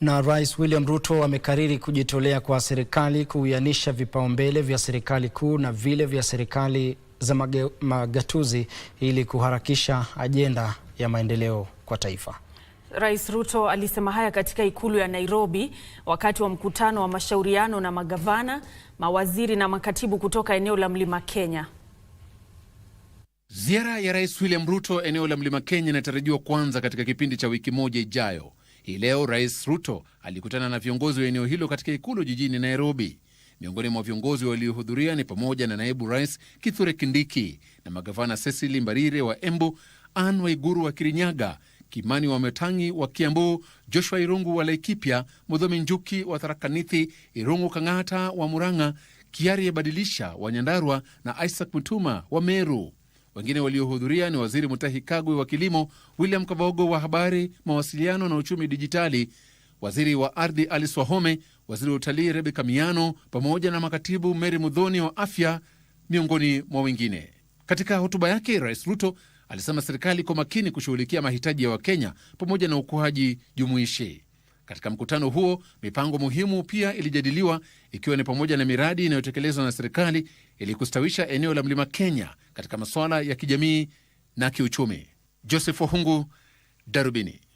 Na Rais William Ruto amekariri kujitolea kwa serikali kuwianisha vipaumbele vya serikali kuu na vile vya serikali za mage, magatuzi ili kuharakisha ajenda ya maendeleo kwa taifa. Rais Ruto alisema haya katika ikulu ya Nairobi wakati wa mkutano wa mashauriano na magavana, mawaziri na makatibu kutoka eneo la Mlima Kenya. Ziara ya Rais William Ruto eneo la Mlima Kenya inatarajiwa kuanza katika kipindi cha wiki moja ijayo. Hii leo Rais Ruto alikutana na viongozi wa eneo hilo katika ikulu jijini Nairobi. Miongoni mwa viongozi waliohudhuria ni pamoja na naibu rais Kithure Kindiki na magavana Cecily Mbarire wa Embu, Anne Waiguru wa Kirinyaga, Kimani wa metangi wa Kiambu, Joshua Irungu wa Laikipia, Mudhomi Njuki wa Tharaka Nithi, Irungu Kang'ata wa Murang'a, Kiari Badilisha wa Nyandarua na Isaac Mutuma wa Meru. Wengine waliohudhuria ni Waziri Mutahi Kagwe wa Kilimo, William Kabogo wa Habari, Mawasiliano na Uchumi Dijitali, Waziri wa Ardhi Alice Wahome, Waziri wa Utalii Rebeka Miano pamoja na Makatibu Mary Mudhoni wa Afya, miongoni mwa wengine. Katika hotuba yake, Rais Ruto alisema serikali iko makini kushughulikia mahitaji ya Wakenya pamoja na ukuaji jumuishi. Katika mkutano huo, mipango muhimu pia ilijadiliwa ikiwa ni pamoja na miradi inayotekelezwa na serikali ili kustawisha eneo la Mlima Kenya katika masuala ya kijamii na kiuchumi. Joseph Wahungu, Darubini.